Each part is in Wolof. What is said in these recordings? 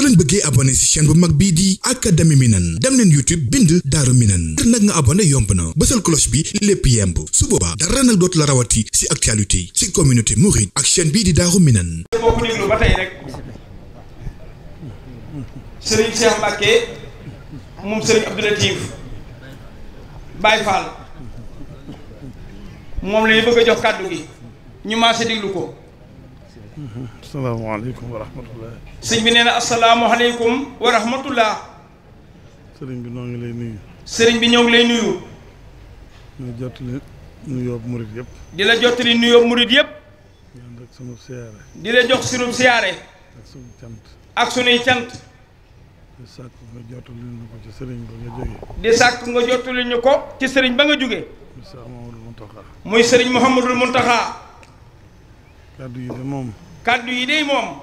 soo leen bëggee abonné ci chaîne bu mag bii di académie Minane dem leen YouTube bind Daaru Minane ngir nag nga abonné yomb na bësal cloche bi lépp yemb su boobaa dara nag dootu la rawati ci actualité ci communauté mouride ak chaîne bii di Daaru Minane boo ba tey moom Serigne bëgg jox kàddu gi ñu maase déglu ko asalaamaaleykum wa rahmatulah. bi nee na asalaamaaleykum wa rahmatulah. sëriñ bi noonu lay nuyu. sëriñ bi ñëw ngi lay nuyu. ñu jottali nuyoo murid yëpp. di la jottali nuyoo murid yëpp. di ak sunu siyaare. di la jox sunu siyaare. ak sunu cant. ak sunuy cant. di sàkk nga jottali ñu ko ci sëriñ ba nga jógee. di sàkk nga jottali ñu ko ci sëriñ ba nga jóge muy sëriñ Mouhamadul Mountakha. kàddu yi de moom. kàddu yi de moom.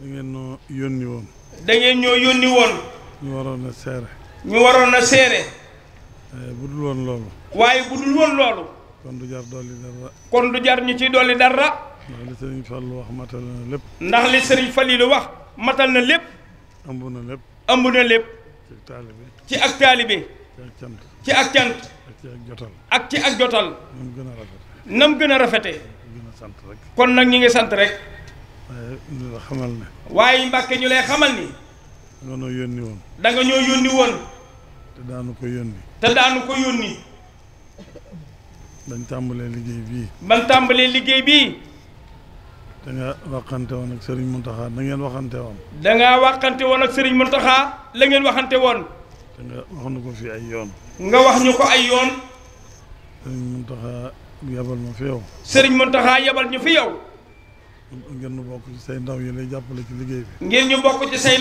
da ngeen noo yónni woon. da ngeen ñoo yónni woon. ñu waroon a seere. ñu waroon a seere. waaye bu dul woon loolu. waaye bu dul woon loolu. kon du jar dolli dara. kon du jar ñu ci dolli dara. ndax li Serigne Fallou wax matal na lépp. ndax li yi Fallou wax matal na lépp. ëmb na lépp. ëmb na lépp. ci ak taalibe. ci ak ci ak cant. ci ak cant. ak ci ak jotal. ak ci gën a rafete. nam gën a rafete. gën a sant kon nag ñu ngi sant rek. waaye ñu la xamal ne. waaye Mbàkke ñu lay xamal ni. nga ñoo yónni woon. da nga ñoo yónni woon. te daanu ko yónni. te daanu ko yónni. bañ tàmbalee liggéey bii. bañ tàmbalee liggéey bii. da nga waxante woon ak Serigne Mountakha da ngeen waxante woon. da ngaa waxante woon ak Serigne Mountakha la ngeen waxante woon. te nga wax nu ko fi ay yoon. nga wax ñu ko ay yoon. Serigne Mountakha. yabal ma fi yow. Serigne Mountakha yabal ñu fi yow. ngir ñu bokk ci say ndaw yi lay jàppale ci liggéey bi. ngir ñu bokk ci say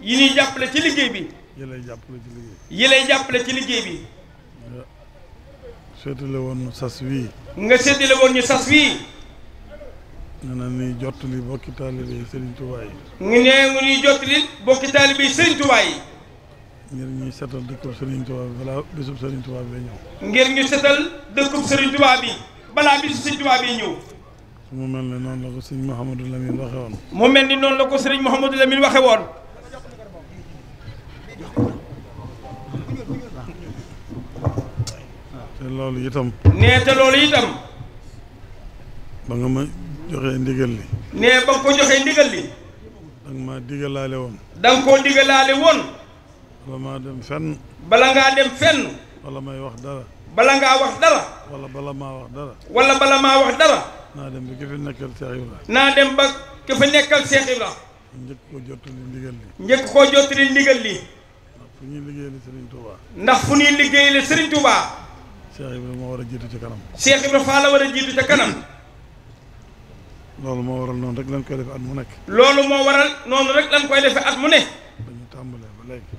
yi ñuy jàppale ci liggéey bi. yi lay jàppale ci liggéey bi. yi lay jàppale ci liggéey bi. nga séddale woon ñu sas wii. nga séddale woon ñu sas wii. nee na ñuy jottali bokki taalibe yi Serigne Touba yi. mu ne mu ñuy jottali bokki taalibe yi Serigne yi. ngir ñu setal dëkkub Serigne Touba bi balaa bisub Serigne Touba bi ñëw. ngir ñu setal dëkkub mu mel ni noonu la ko sëñ Mouhamadou Lamine waxe woon. mu mel ni noonu la ko sëriñ Mouhamadou Lamine waxe te loolu itam. nee te loolu itam. ba nga ma joxee ndigal li. nee ba nga ko joxee ndigal li. da nga digalaale woon. da koo digalaale woon. bala maa dem fenn bala ngaa dem fenn wala may wax dara bala ngaa wax dara wala bala maa wax dara wala bala maa wax dara naa dem ba ki fi nekkal Cheikh naa dem ba ki fa nekkal Cheikh Ibra njëkk koo jottali ndigal li njëkk koo jottali ndigal li ndax fu ñuy liggéeyale Serigne ndax fu ñuy liggéeyale Serigne Touba Cheikh Ibra moo war a jiitu ca kanam Cheikh Ibra la war a jiitu ca kanam loolu moo waral noonu rek lañ koy defee at mu nekk loolu moo waral noonu rek lañ koy defee at mu ne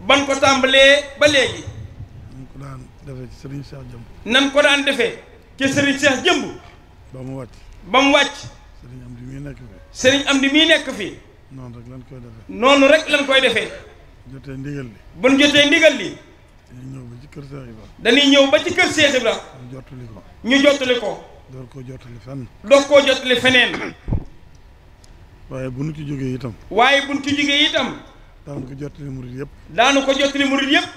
ban ko tàmbalee ba léegi. nan ko daan defee ci sëriñ Cheikh Jëmb. nan ko daan defee ci Serigne seex Jëmb. ba mu wàcc. ba mu wàcc. Serigne Amdi mii nekk fii. Serigne Amdi mii nekk fii. noonu rek lan koy defee. noonu rek lan koy defee. jotee ndigal li. bu ñu jotee ndigal li. dañuy ñëw ba ci kër Cheikh Ibra. dañuy ñëw ba ci kër Cheikh Ibra. ñu jottali ko. ñu jottali ko. door koo jottali fenn. door koo jottali feneen. waaye bu nu ci jógee itam. waaye bu nu ci jógee itam. daanu ko jottali murit yëpp daanu ko jottali murit yëpp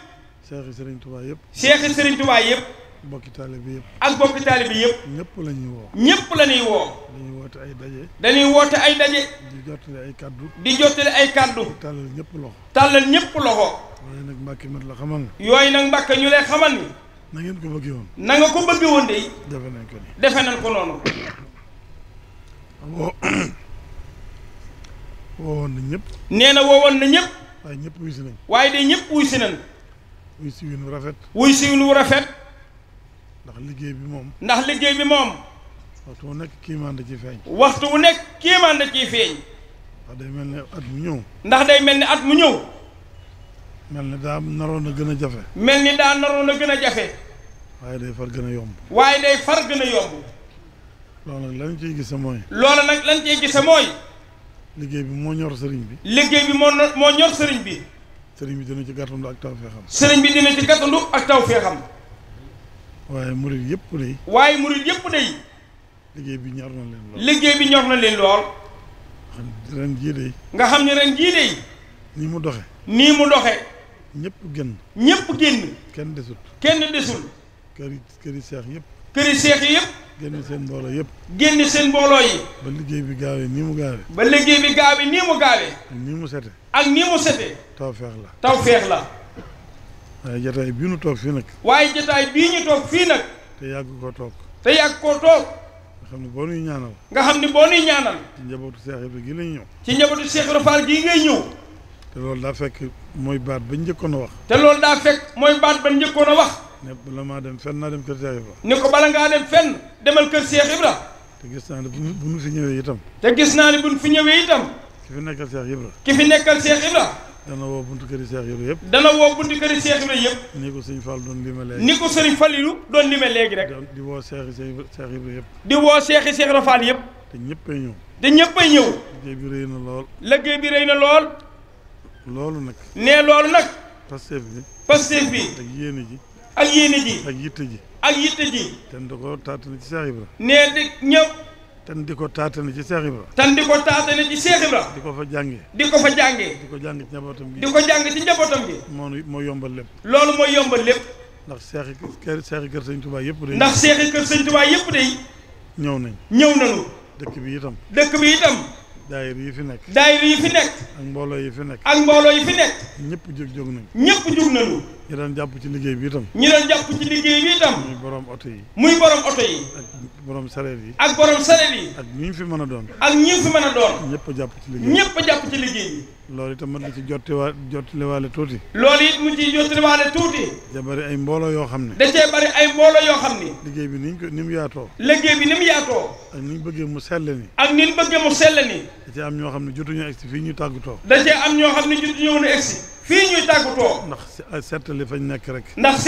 seexi sëriñ tubaa yëpp seexi sëriñ tubaa yëpp bokki taalibe yëpp ak bokki taalibe yëpp ñëpp la ñuy woo ñëpp la ñuy woo dañuy woote ay daje dañuy woote ay daje di jottali ay kàddu di jottali ay kaddu tàllal ñëpp loxo tàllal ñëpp loxo yooyu nag mbàkke mat la xamal ni yooyu nag mbàkke ñu lay xamal ni na ngeen ko bëggee woon na nga ko bëggee woon de defe nañ ko ni defe nañ ko noonu woowoon na ñëpp. nee na woowoon na ñëpp. waaye ñëpp wuy si nañ. waaye de ñëpp wuy si nañ. wuy si winu rafet. wuy si winu rafet. ndax liggéey bi moom. ndax liggéey bi moom. waxtu wu nekk kiimaan da ciy feeñ. waxtu wu nekk kiimaan da ciy feeñ. ndax day mel ne at mu ñëw. ndax day mel ne at mu ñëw. mel ni daa naroon a gën a jafe. mel ni daa naroon a gën a jafe. waaye day far gën a yomb. waaye day far gën a yomb. loolu nag lan ciy gise mooy. loolu nag lan ciy gise mooy. liggéey bi moo ñor sëriñ bi. liggéey bi moo moo ñor sëriñ bi. sëriñ bi dina ci gàttandu ak taw fee xam. sëriñ bi dina ci gàttandu ak taw fee xam. waaye murid yëpp day. waaye murid yëpp day. liggéey bi ñor na leen lool. liggéey bi ñor na leen lool. nga xam ne ren jii day. nii mu doxe nii mu doxe ñëpp génn. ñëpp génn. kenn desul. kenn desul. kër yi kër yi seex yëpp. kër seex yëpp. génn seen mbooloo yëpp. génn seen mbooloo yi. ba liggéey bi gaawee nii mu gaawee. ba liggéey bi gaawee nii mu gaawee. ak nii mu sete. ak nii mu sete. taw la taw feex la. waaye jataay bii ñu toog fii nag. te yàgg koo toog. te yàgg koo toog. nga xam ne boo nuy ñaanal. nga xam ne boo nuy ñaanal. ci njabootu Seex gi lañ ñëw. ci njabootu Seex Ibra Faal gii ngay ñëw. te loolu daa fekk mooy baat ba njëkkoon a wax. te lool daa fekk mooy baat ba njëkkoon a wax. ne bala maa dem dem kër Cheikh Ibra ni ko bala ngaa gis naa ne bu nu ñëwee itam te gis naa ne bu ñëwee itam ki fi nekkal Cheikh Ibra ki fi buntu këri Cheikh yëpp dana woo buntu këri Cheikh Ibra yëpp ni ko sëñ Fall doon lime léegi ni ko sëñ Fallilu doon lime léegi rek di woo Cheikh Cheikh Ibra yëpp di woo Cheikh Cheikh Ibra Fall yëpp te ñëppay ñëw te ñëppay ñëw liggéey bi rëy na lool liggéey bi rëy na lool loolu nag nee loolu nag Pastef bi Pastef bi ak yéene ji ak yéene ji. ak yitte ji. ak yitte ji. ten di ko taatane ci Cheikh Ibra. nee di ñëw. ten di ko taatane ci Cheikh Ibra. ten ko taatane ci Cheikh Ibra. di ko fa jàngee. di ko fa ci njabootam gi. moo moo lépp. loolu mooy yombal lépp. ndax seexi kër seexi kër sëñ yëpp de. ndax ñëw nañ. ñëw nañu. dëkk bi itam. dëkk bi itam. daayir yi fi nekk. daayir yi fi nekk. ak mbooloo yi fi nekk. ak mbooloo nañ fi jóg jóg nañu. ñi daan jàpp ci liggéey bi itam. ñi daan jàpp ci liggéey bi itam. muy borom oto yi. muy borom oto yi. ak borom sareet yi. ak borom sareet yi. ak ñi fi mën a doon. ak ñi fi mën a doon. ñëpp jàpp ci liggéey bi ñëpp jàpp ci mën na ci jottiwaa jottaliwaale tuuti. loolu it mu ci jottaliwaale tuuti. da bari ay mbooloo yoo xam ne. da cee bari ay mbooloo yoo xam ne. liggéey bi ni ñu ko mu yaatoo. liggéey bi ni mu yaatoo. ak ni ñu bëggee mu sell ni. ak ni ñu bëggee mu sell ni. cee am ñoo xam ne jotuñu egsi fii ñuy tàggutoo da cee am ñoo nekk rek na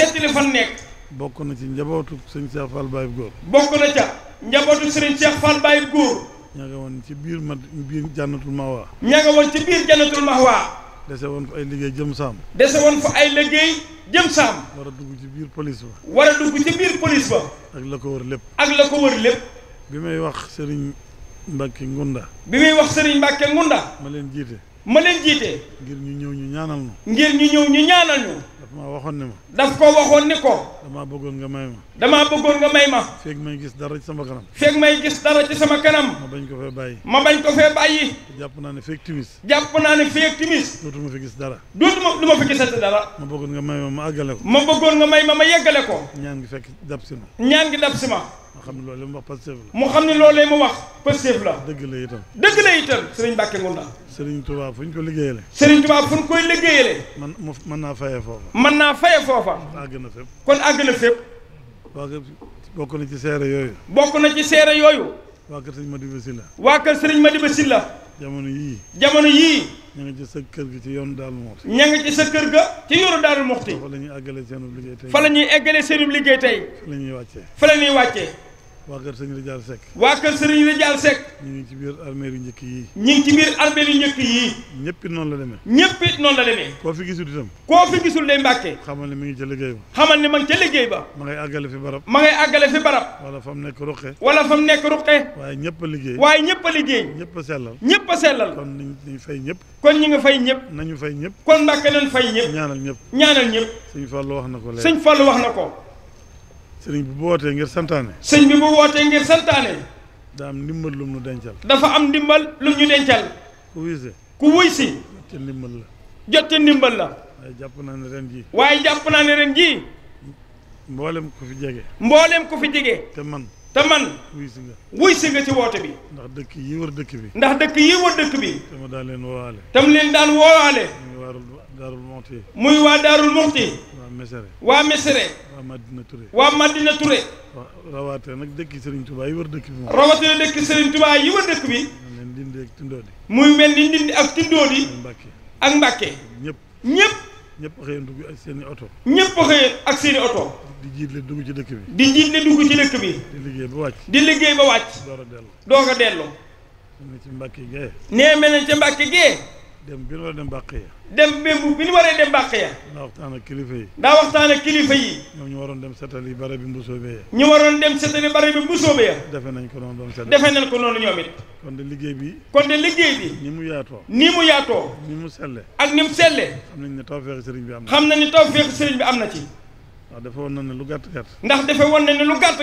ci njabootu sëñ Cheikh Fall sëriñ Cheikh Fall Baye góor ña ci biir ma biir jànnatul mahwa ña ci biir jànnatul mahwa dese woon fa ay liggéey jëm saam dese war a dugg ci biir police ba war a dugg ci biir police ba ak la ko wër lépp ak la ko wër lépp bi may wax sëriñ Mbacke Ngunda. bi muy wax sëriñ Mbacke Ngunda. ma leen jiite. ma leen jiite. ngir ñu ñëw ñu ñaanal ñu. ngir ñu ñëw ñu ñaanal ñu. daf maa waxoon ne ma. daf ko waxoon ni ko. damaa bëggoon nga may ma. damaa bëggoon nga may ma. feeg may gis dara ci sama kanam. feeg may gis dara ci sama kanam. ma bañ ko fee bàyyi. ma bañ ko fee bàyyi. jàpp naa ne feeg timis. jàpp naa ne feeg timis. dootuma fi gis dara. dootuma du ma fi gisante dara. ma bëggoon nga may ma ma àggale ko. ma bëggoon nga may ma ma yeggale ko. ñaan gi fekk dab si ma. ñaan gi dab si ma. mu xam ne loolu mu wax Pastef la. mu xam ne loolu mu wax Pastef la. dëgg la itam. dëgg la itam Serigne Mbacke naa Serigne Touba fu ñu ko liggéeyale. Serigne Touba fu ñu koy liggéeyale. man mu mën naa faye foofa. mën naa faye foofa. àgg na fépp. kon àgg na fépp. waa kër bokk na ci seere yooyu. bokk na ci seere yooyu. waa kër Serigne Madiba Sylla. waa kër Serigne Madiba Sylla. jamono yii. jamono yii. ña nga ci sa kër ga ci yoonu Daaru Muxti ña ci sa kër ga ci yoonu Daaru Muxti fa la ñuy àggale seenub liggéey tey fa la ñuy seenub liggéey tey fa la ñuy waa kër sëriñ Rijaal Seck waa kër sëriñ Rijaal Seck ñu ngi ci biir armeel yu njëkk yii ñu ngi ci biir armeel njëkk yii ñëpp it noonu la demee ñëpp it noonu la demee koo fi gisul itam koo fi gisul day mbàkke xamal ne mi ngi ca liggéey ba xamal ne ma ngi ca liggéey ba ma ngay àggale fi barab ma ngay àggale fi barab wala fa mu nekk ruqe wala fa mu nekk ruqe waaye ñëpp liggéey waaye ñëpp liggéey ñëpp a sellal ñëpp a sellal kon ñu fay ñëpp kon ñi nga fay ñëpp nañu fay ñëpp kon mbàkke nañ fay ñëpp ñaanal ñëpp ñaanal ñëpp sëñ Fallu na ko léegi sëñ wax na ko sëriñ bi bu wootee ngir santaane. sëriñ bi bu wootee ngir santaane. daa am ndimbal lum nu dencal. dafa am ndimbal lum ñu dencal. ku wuy si. ku wuy jot ca ndimbal la. jot ca ndimbal la. waaye jàpp naa ne ren jii. waaye jàpp naa ne ren jii. mboolem ku fi jege. mboolem ku fi jege. te man. te man wuy si nga wuy si nga ci woote bi ndax dëkk yi wër dëkk bi ndax dëkk yi wër dëkk bi tam daa leen woowaale tam leen daan woowaale daarul moxti muy waa daarul moxti waa mesere waa mesere waa madina Touré waa madina Touré rawaate nag dëkk sëriñ Touba yi wër dëkk bi moom rawaate na dëkk sëriñ Touba yi wër dëkk bi mel ni ndindi ak tindoodi muy mel ni ndindi ak tindoodi ak mbàkke ñëpp ñëpp ñëpp xëyeen dugg ak seen i oto ñëpp xëyeen ak seen i oto di jiitle dugg ci dëkk bi di jiitle dugg ci dëkk bi di liggéey ba wàcc di liggéey ba wàcc doog a dellu doog a dellu nee mel nañ ca dem bi ñu war a dem bàq ya dem bi bi ñu waree dem bàq ya daa waxtaan ak kilifa yi daa waxtaan ak kilifa yi ñoom ñu waroon dem setali bara bi mbusoobe ya ñu waroon dem setali bara bi mbusoobe ya defe nañ ko noonu doon setal defe nañ ko noonu ñoom it kon de liggéey bi kon de liggéey bi ni mu yaatoo ni mu yaatoo ni mu selle ak ni mu selle xam nañ ne tawfeexi sëriñ bi am bi am na ci ndax dafa woon na ne lu gàtt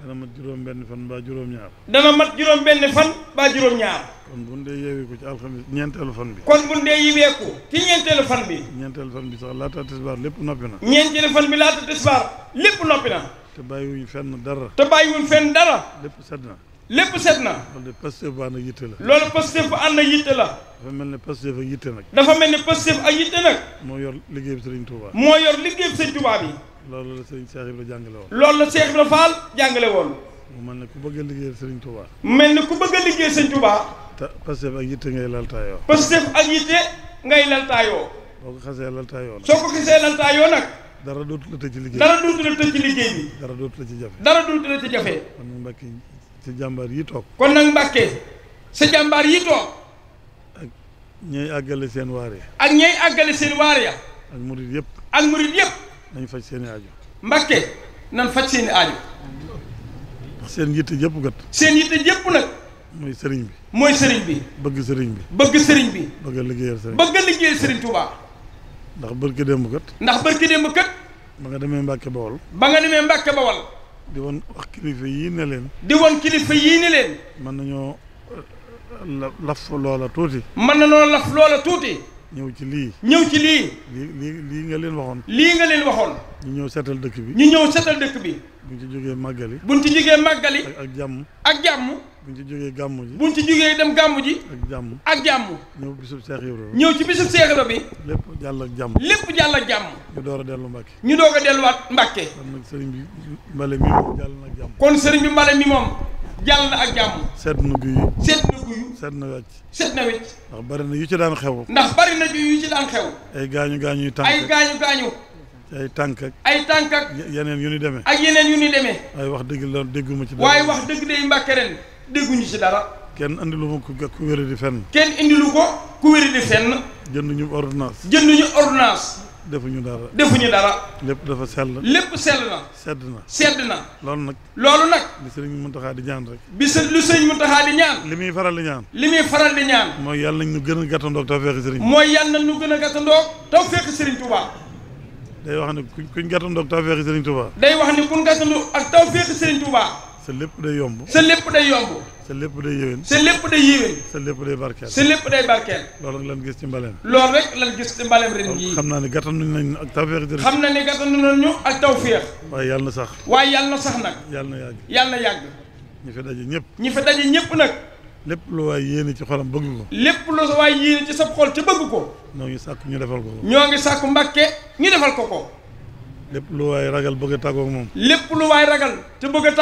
dana mat juróom benn fan mbaa juróom-ñaar dana mat juróom benn fan mbaa juróom-ñaar kon bu ndee yeewee ko ci alxamis ñeenteelu fan bi kon bu ndee yiwee ko ci ñeenteelu fan bi ñeenteelu fan bi sax laata tisbaar lépp noppi na ñeenteelu fan bi laata tisbaar lépp noppi na te bàyyiwuñ fenn dara te bàyyiwuñ fenn dara lépp set na lépp set na loolu de Pastef bu ànd ak yitte la loolu Pastef bu ànd ak yitte la dafa mel ni Pastef ak yitte nag loolu la sëriñ Cheikh Ibrahima jàngale loolu la Cheikh Ibrahima Fall jàngale mu mel ne ku bëgg a liggéeyal sëriñ Touba. mel ne ku bëgg a liggéeyal sëriñ Touba. te Pastef ak yitte ngay laltaayoo. Pastef ak yitte ngay laltaayoo. boo ko xasee laltaayoo soo ko xasee laltaayoo nag. dara dootu la tëj ci liggéey dara dootu la tëj ci liggéey bi. dara dootu la ci jafe. kon nag Mbàkke sa jàmbaar yi toog. kon nag Mbàkke sa jàmbaar yi nañ faj seen i aajo. Mbàkke nan faj seen i seen yitte jëpp kat. seen yitte jëpp nag. mooy sëriñ bi. mooy sëriñ bi. bëgg sëriñ bi. bëgg sëriñ bi. bëgg a liggéeyal sëriñ. bëgg ndax barki démb kat. ndax barki démb kat. ba nga demee Mbàkke Bawol. ba nga demee Mbàkke Bawol. di woon wax kilifa yii ne leen. di woon kilifa yii ne leen. mën nañoo laf loola tuuti. mën nañoo laf loola tuuti. ñëw ci lii ñëw ci lii lii lii nga leen waxoon lii nga leen waxoon ñu ñëw seetal dëkk bi ñu ñëw seetal dëkk bi buñ ci jógee màggali buñ ci jógee màggali ak jàmm ak jàmm buñ ci jógee gàmmu ji buñ ci jógee dem gàmmu ji ak jàmm ak jàmm ñëw bisub Seex ñëw ci bi lépp jàll ak jàmm lépp jàll ak jàmm ñu door a dellu Mbàkke ñu doog a delluwaat Mbàkke kon nag sëriñ bi Mbale na ak sëriñ bi Mbale mi moom jàll na ak jàmm. seet na guyu. seet na guyu. seet na wecc. seet na wecc. ndax bari yu ci daan xew. ndax bari yu ci daan xew. ay gaañu gaañu tànk ay tànk ak. ay tànk ak. yeneen yu ni deme ak yeneen yu ni demee. waaye wax dëgg la dégguma ci dara. waaye wax dëgg day mbàkke ren dégguñu ci dara. kenn indilu ku wéri di kenn indilu ko ku wéri di fenn. jënduñu ordonnance. jënduñu ordonnance. defuñu dara defuñu dara. lépp dafa sell. lépp sell na. sedd na sedd na. loolu nag. loolu nag. li sëriñ Mountakha di ñaan rek. lu sëriñ Mountakha di muy faral di ñaan. li muy faral di ñaan. mooy yàlla nañ ñu gën a gàttandoog tawfeexi sëriñ. mooy yàlla nañ ñu gën a gàttandoog tawfeexi sëriñ Touba. day wax ne kuñ kuñ gàttandoog tawfeexi sëriñ Touba. day wax ne kuñ gàttandoog ak tawfeexi sëriñ Touba. sa lépp day yomb. sa lépp day yomb. sa lépp day yéwén sa lépp day yéwén sa lépp day barkeel sa lépp day barkeel loolu rek lan gis ci mbaleem loolu rek lan gis ci mbaleem ren xam naa ne gàttanu nañ ak tawféex xam na ne gàttanu nañu ak tawféex waaye yàlla na sax waaye yàlla na sax nag yàlla na yàgg yàlla na yàgg ñi fi daje ñëpp ñi fi daje ñëpp nag lépp lu waay yéene ci xolam bëgg ko lépp lu waay yéene ci sa xol ca bëgg ko ñoo ngi sàkk ñu defal ko ko ñoo ngi sàkk mbàkke ñu ko ko lépp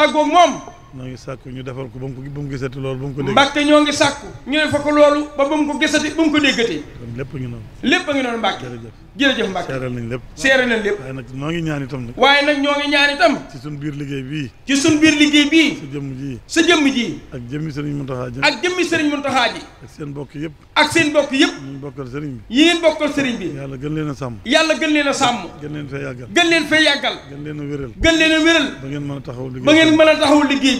lu waay ñoo ngi sàkku ñu defal ko ba mu ko ba mu gisati loolu ba mu ko dégg mbàkke ñoo ngi sàkku ñu ne fa ko loolu ba ba mu ko gisati ba mu ko déggati kon lépp a ngi noonu lépp a ngi noonu mbàkke jërëjëf jërëjëf mbàkke seeral nañ lépp seeral nañ lépp waaye nag ñoo ngi ñaan itam nag waaye nag ñoo ngi ñaan itam ci suñ biir liggéey bii ci suñ biir liggéey bii sa jëmm ji sa jëmm ji ak jëmmi sëriñ Muntaxa ji ak jëmmi sëriñ Muntaxa ji ak seen bokk yëpp ak seen bokk yëpp ñu bokkal sëriñ bi yi ngeen bokkal sëriñ bi yàlla gën leen a sàmm yàlla gën leen a sàmm gën leen fee yàggal gën leen fee yàggal gën leen a wéral gën leen a wéral ba ngeen mën a taxaw liggéey ba ngeen mën a taxaw liggéey